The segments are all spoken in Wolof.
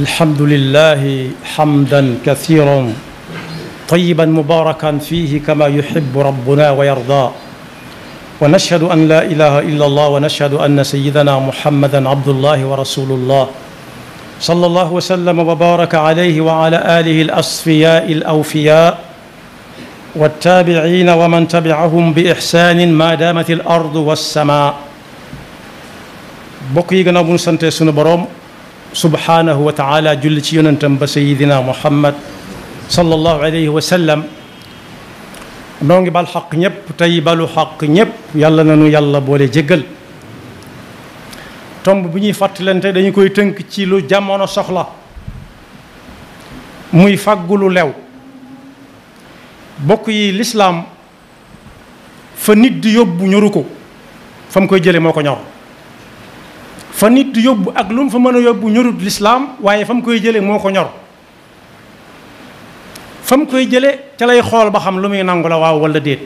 الحمد لله حمدا كثيرا طيبا مباركا فيه كما يحب ربنا ويرضى ونشهد ان لا اله الا الله ونشهد ان سيدنا محمدا عبد الله ورسول الله صلى الله وسلم وبارك عليه وعلى اله الاصفياء الاوفياء والتابعين ومن تبعهم باحسان ما دامت الارض والسماء بقي جنابون سنتي سنبروم subhanahu wa taala julli ci yonentam ba sayidina muhammad sallallahu alayhi wa sallam noo ngi bal xaq ñëpp tey balu xaq ñëpp yàlla nanu yàlla boole jéggal tomb bu ñuy fàttalante dañu koy tënk ci lu jamono soxla muy fàggulu lew bokk yi lislaam fa nit di yóbbu ñoru ko fa mu koy jële moo ko ñor fa nit yobbu ak lu fa meuna yobbu yóbbu ñorut lislaam Fam fa koy jëlé moko ñor fam koy ke ci lay xol ba xam lu muy nangula waaw wala deet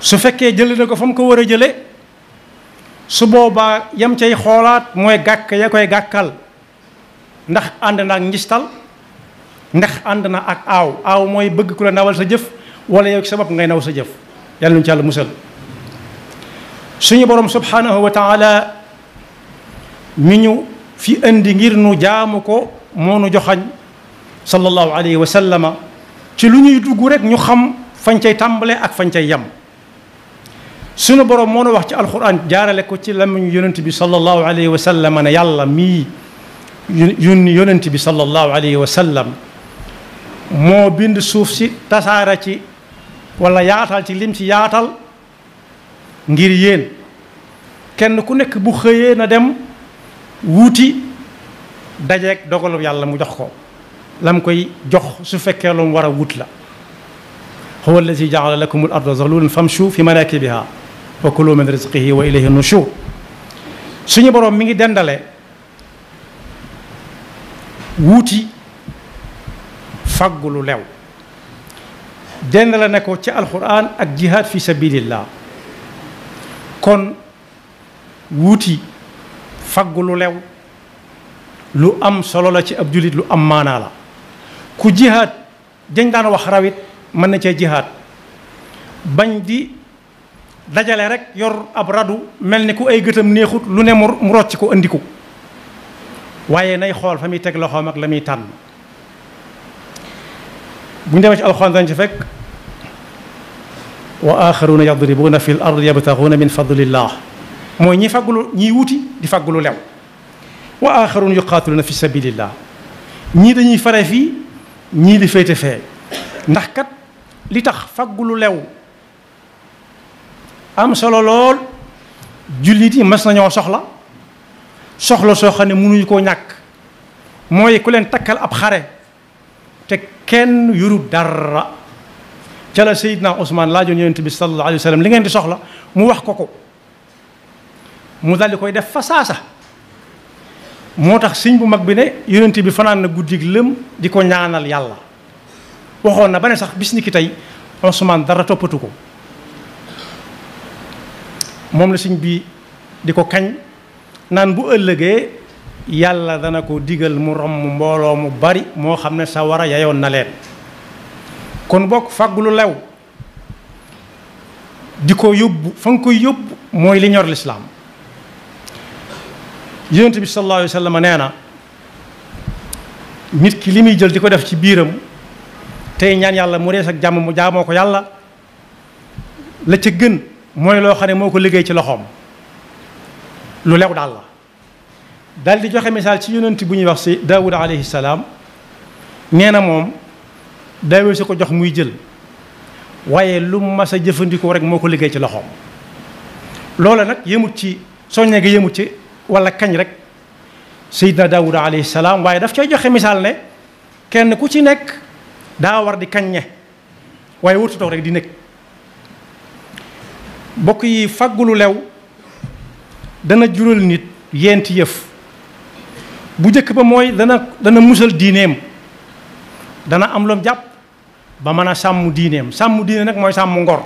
su fekke na ko ko wara jëlé su boba yam cey xolaat moy gak ya koy gakal. ndax and nak ngistal ndax and na ak aw aw moy bëgg ku la nawal sa jëf wala yow sabab ngay naw sa jëf yalla ñu ci yalla musal suñu borom subhanahu wa taala mi ñu fi indi ngir nu jaamu ko moo nu joxañ sallallahu alayhi wa sallama ci lu ñuy dugg rek ñu xam fañ cay tàmbale ak fañ cay yam sunu borom moo nu wax ci alquran jaarale ko ci lamiñu yonent bi sallallahu alayhi wa sallama ne yàlla mii yónni yonent bi sallallahu alayhi wa sallam moo bind suuf si tasaara ci wala yaatal ci lim ci yaatal ngir yéen kenn ku nekk bu xëyee na dem wuuti dajeeg dogalu yàlla mu jox ko lam koy jox su fekke lu wara wut la huwa allazi jaala lakum al ardha zalulan famshu fi manakibiha wa kulu min rizqihi wa ilayhi an nushur suñu borom mi ngi dendale wuti faggu lu lew dendale ne ko ci quran ak jihad fi sabilillah kon wuti faggu lu lew lu am solo la ci ab jullit lu am maanaa la ku jihaat dañ daan wax rawit mën na cee jihaat bañ di dajale rek yor ab radu mel ni ku ay gëtam neexut lu ne mu rocc ko andi ko waaye nay xool fa muy teg loxoom ak la muy tànn bu ñu demee ci alxuraan dañ ci fekk wa axaruna yadribuuna fi l ard yabtaxuuna min fadlillah moy ñi fagulu ñi wuti di fagulu lew wa akharun yuqatiluna fi sabilillah ñi dañuy fare fi ñi li fété fé ndax kat li tax fagulu lew am solo lol jullit yi mas nañoo soxla soxla so xane ne ko ñak moy ku len takal ab xare te kenn yuru dara ca la sayyidna usman la yonent bi sallallahu alayhi wasallam li ngeen di soxla mu wax ko ko mu daldi koy def fa saasa moo tax sëñ bu mag bi ne yonent bi fanaan na guddi lëm di ko ñaanal yàlla waxoon na ba ne sax bis ni ki tey Ousmane dara toppatu ko moom la sëñ bi di ko kañ naan bu ëllëgee yàlla dana ko digal mu romb mbooloo mu bari moo xam ne sa war a yayoon na leen kon bokk fàggu lew di ko yóbbu fa koy yóbbu mooy li ñor lislaam yonent bi sallallahu alayhi wasallam neena nit ki limi jël diko def ci biram tay ñaan yàlla mu res ak jàmm mu jaamoo ko yàlla la ci gën moy lo xane moko liggey ci loxom lu lew dal la dal di joxe misal ci yonent bu ñuy wax ci daawud alayhi salam neena mom moom daawee su ko jox muy jël waye lu ma sa jëfëndiko rek moko liggey ci loxom loola nak yëmut ci soññe nga yëmut ci wala kañ rek Seydina Daawuda alayhi salaam waaye daf cay joxe misaal ne kenn ku ci nekk daa war di kaññe waaye wurtu toog rek di nekk bokk yi fàggulu lew dana jural nit yent yëf bu jëkk ba mooy dana dana musal diineem dana am lom jàpp ba mën a sàmm diineem sàmm diine nag mooy sàmm ngor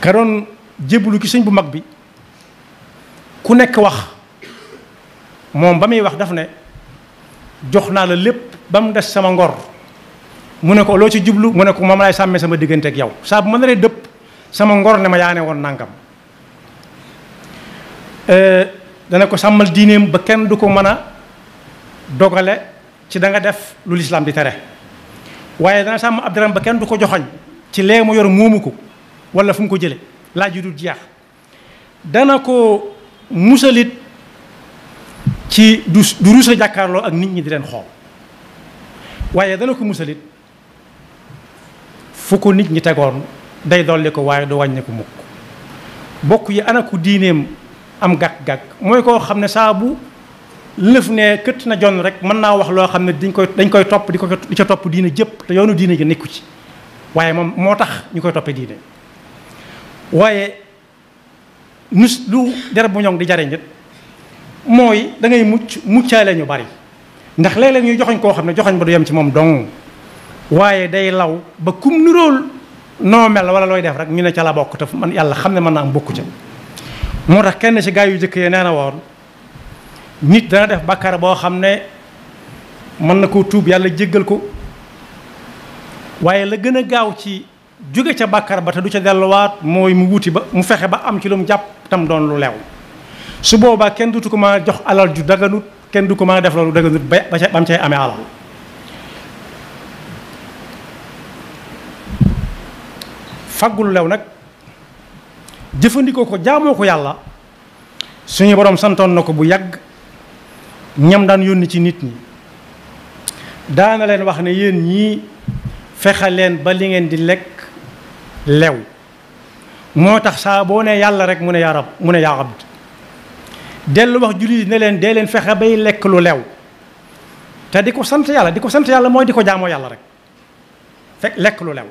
ka doon jébbalu ci sëñ bu mag bi ku nekk wax moom ba muy wax daf ne jox naa la lépp ba mu des sama ngor mu ne ko loo ci jublu mu ne ko moom laay sàmmee sama diggante ak yow saa bu ma naree dëpp sama ngor ne ma yaa woon nangam euh, dana ko sàmmal diineem ba kenn du ko mën a dogale ci danga def lu lislaam di tere waaye dana sàmm ab daram ba kenn du ko joxoñ ci lee mu yor moomu ko wala fu mu ko jële laaj yu du jeex dana ko musalit ci du du rusa jàkkaarloo ak nit ñi di leen xool waaye dana ko musalit fu ko nit ñi tegoon day dolli ko waaye du wàññi ko mukk bokk yi ana ku diineem am gàkk-gàkk mooy koo xam ne saabu bu lëf ne këtt na jonn rek mën naa wax loo xam ne dañ koy dañ koy topp di ko di ca topp diine jëpp te yoonu diine gi nekku ci waaye moom moo tax ñu koy toppee diine waaye nus lu deret bu ñoŋ di jariñ it mooy dangay ngay mucc muccaale ñu bari ndax léeg-léeg ñuy joxoñ koo xam ne joxoñ ba du yem ci moom dong waaye day law ba kum nirool noo mel wala looy def rek ñu ne ca la bokk te man yàlla xam ne mën naa am bokku ca moo tax kenn ci gaay yu jëkk yi nee na woon nit dana def bàkkaar boo xam ne mën na koo tuub yàlla jéggal ko waaye la gën a gaaw ci jóge ca bàkkaar ba te du ca delluwaat mooy mu wuti ba mu fexe ba am ci lu mu jàpp tam doon lu lew su boobaa kenn dutu ko ma jox alal ju daganut kenn du ko ma def lu daganut ba ba mu cay amee alal faggul lew nag jëfandikoo ko jaamoo ko yàlla suñu borom santoon na ko bu yàgg ñam daan yónni ci nit ñi daana leen wax ne yéen ñii fexe leen ba li ngeen di lekk lew motax sa saa ne yàlla rek mune ya rab mune ya abd delu wax julit ne len de len fexe bay lek lu lew ta diko sante yàlla diko sante yàlla moy diko jamo yàlla rek fek lek lu lew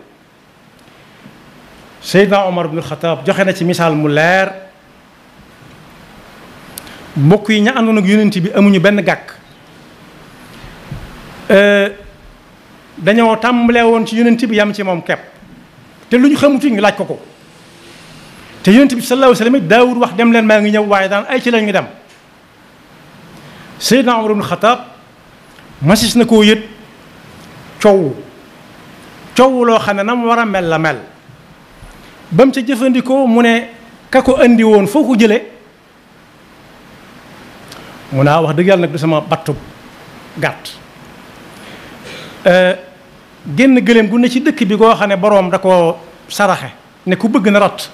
sayyidna umar ibn khattab joxe na ci misal mu leer mbok yi ña andon ak yonent bi amuñu ben gak euh dañoo tambalé won ci yonent bi yam ci mom kep te luñu ñu xamutuñ ñu laaj ko ko te yonent bi sallallahu alayhi wa sallam daawul wax dem leen maa ngi ñëw waaye daan ay ci lañu dem Seydina Omar ibn Xataab masis na koo yët coow coow loo xam ne na mu war a mel la mel ba mu ca jëfandikoo mu ne ka ko andi woon foo ko jëlee mu naa wax dëgg yàlla nag du sama battub gàtt génn gëléem gu ne ci dëkk bi koo xam ne boroom da ko saraxe ne ku bëgg na rat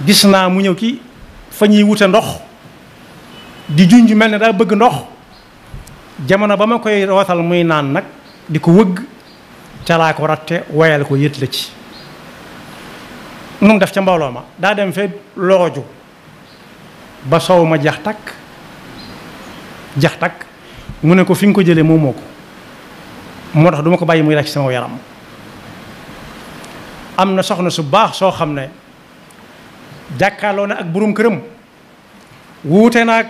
gis naa mu ñëw ki fa ñuy wute ndox di junj mel ni daa bëgg ndox jamono ba ma koy rootal muy naan nag di ko wëgg ca laa ko ratte woyal ko yët la ci nu mu def ca mbooloo ma daa dem fe looju ba soow ma jax takk jax takk mu ne ko fi nga ko jëlee moomoo ko moo tax du ko bàyyi muy ràcc sama yaram am na soxna su baax soo xam ne jàkkaarloo na ak boroom këram wuute nag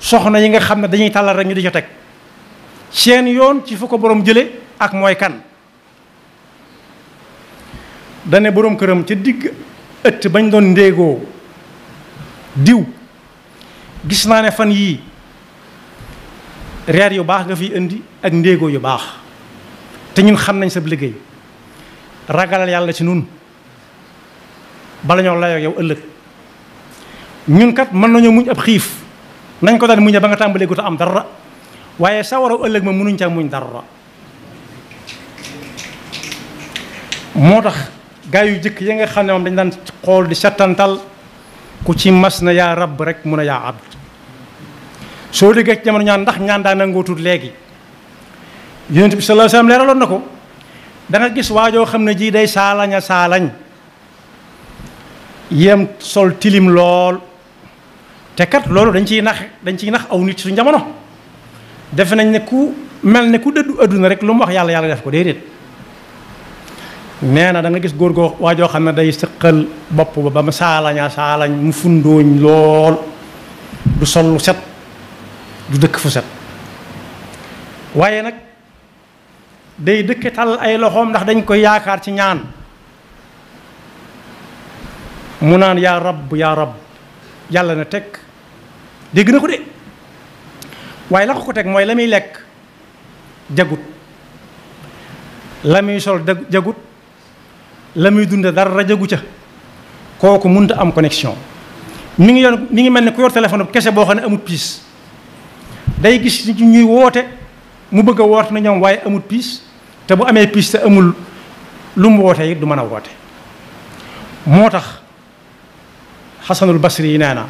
soxna yi nga xam ne dañuy tàllal rek ñu di co teg seen yoon ci fu ko boroom jële ak mooy kan dane boroom këram ca digg ëtt bañ doon ndéegoo diw gis naa ne fan yii reer yu baax nga fiy indi ak ndéegoo yu baax te ñun xam nañ sa liggéey ragalal yàlla ci nun bala ñoo layoo yow ëlëk ñun kat mën nañu muñ ab xif nañ ko daan muñe ba nga tambalé gu ta am dara waaye sawaraw ëlëk ma mënuñ ca muñ dara motax gaay yu jëk ya nga xamne mom dañ dan xol di settantal ku ci masna ya rab rek mun ya abd so di ci jamono ñaan ndax ñaan daa nangootut léegi yonent bi sallallahu alayhi wasallam leralon nako da nga gis waajo xamne ji day salaña salañ yem sol tilim lool te kat loolu dañ ciy nax dañ ci nax aw nit suñu jamono defe nañ ne ku mel ne ku dëddu adduna rek lu mu wax yàlla yàlla def ko déedéet nee na danga gis góor goo waajoo xam ne day sëqal bopp ba ba mu saalaña saalañ mu fundooñ lool du sol lu set du dëkk fu set waaye nag day dëkkatal ay loxoom ndax dañ koy yaakaar ci ñaan mu naan yaa rab yaa rab yàlla na teg dégg na ko de waaye la ko ko teg mooy la muy lekk jagut la muy sol jagut la muy dunde dara jagu ca kooku mënut a am connexion mu ngi yoon mi ngi mel ni ku yor téléphone kese boo xam ne amut piis day gis ci ñuy woote mu bëgg a woote na ñoom waaye amut piis te bu amee piis te amul lu mu wootee it du mën a woote moo tax Hasanul basri nana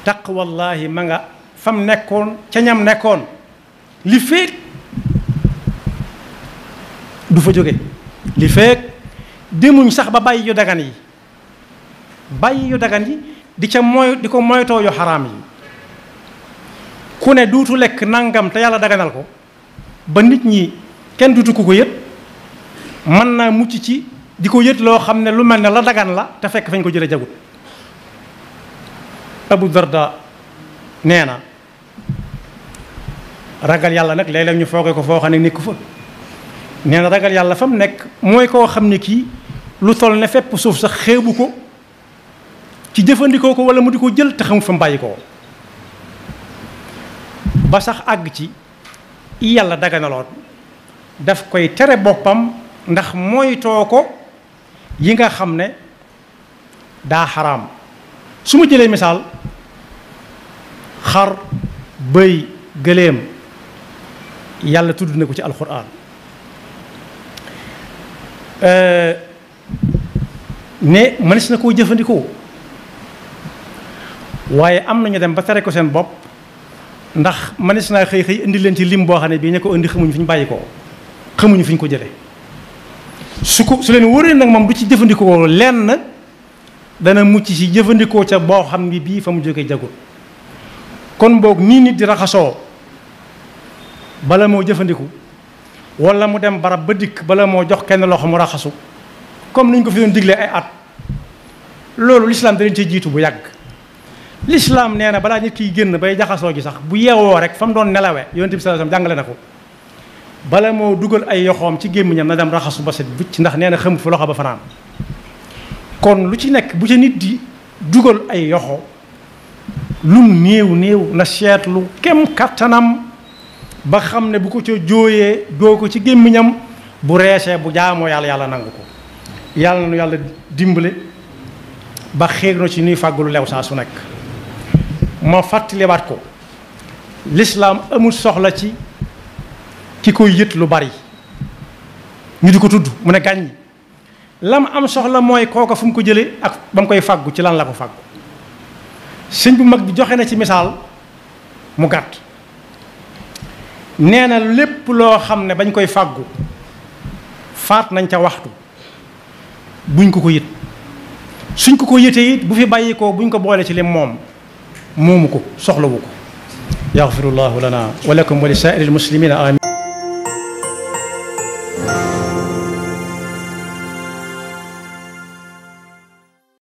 nee na ma nga fam nekkon ca ñam nekkon li feek du fa joge li feek demuñ sax ba bayyi yu dagan yi bayyi yu dagan yi di ca moy di ko moytoo yu haram yi ku ne dutu lek nangam ta yalla daganal ko ba nit ñi kenn dutu ku ko man na mucc ci di ko lo xamne ne lu melne la dagan la ta fekk fañ ko jere jagut abu darda nee na ragal yàlla nag léeg-léeg ñu foogee ko foo xam ne nekku fa nee na ragal yàlla fa mu nekk mooy koo xam ne kii lu toll ne fépp suuf sax xeebu ko ci jëfandikoo ko wala mu di ko jël te xamu fa mu bàyyi ko ba sax àgg ci yàlla daganaloon daf koy tere boppam ndax moytoo ko yi nga xam ne daa xaraam su ma jëlee misaal xar bëy gëléem yàlla tudd na ko ci alxuraan ne mënees na koo jëfandikoo waaye am nañu dem ba tere ko seen bopp ndax mënees naa xëy xëy indi leen ci lim boo xam ne bii ñu ko indi xamuñu fi ñu bàyyi ko xamuñu fi ñu ko jële su ko su leen wóoree nag moom du ci jëfandikoo lenn dana mucc ci jëfandikoo ca boo xam ni bii fa mu jógee jagul kon mbook nii nit di raxasoo bala moo jëfandiku wala mu dem barab ba dikk bala moo jox kenn loxo mu raxasu comme ni ñu ko fi doon diglee ay at loolu lislaam danañ ci jiitu bu yàgg lislaam nee na balaa nit kiy génn bay jaxasoo ji sax bu yeewoo rek fa mu doon nelawe yonent bi sallallahu alayhi wasallam jàngale na ko bala moo dugal ay yoxoom ci gémmiñam na dem raxasu ba bu ci ndax nee na xëm fu loxo ba fanaan kon lu ci nekk bu ci nit di dugal ay yoxo lu néew néew na seetlu kem kattanam ba xam ne bu ko ca jooyee doo ko ci gémmiñam bu reesee bu jaamoo yàlla yàlla nangu ko yàlla nu yàlla dimbale ba xéeg na ci nuy faggul lew saa su nekk ma fàttaliwaat ko lislaam amul soxla ci ki koy yët lu bari ñu di ko tudd mu ne gàññ lam am soxla mooy kooka fu mu ko jëlee ak ba mu koy fàggu ci lan la ko fàggu sëñ bu mag bi joxe na ci misaal mu gàtt nee na lépp loo xam ne bañ koy fàggu faat nañ ca waxtu buñ ko ko yët suñ ko ko yëtee it bu fi bàyyi ko buñ ko boole ci lim moom moomu ko soxlawu ko yaxfirullahu lana wa lakum wa li saa'iril muslimina amin